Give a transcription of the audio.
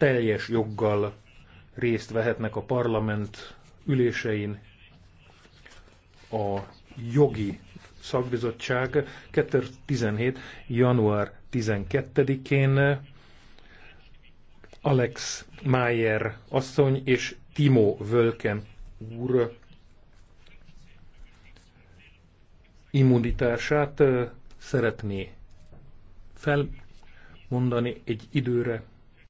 teljes joggal részt vehetnek a parlament ülésein a jogi szakbizottság 2017. január 12-én Alex Mayer asszony és Timo Völken úr immunitását szeretné felmondani egy időre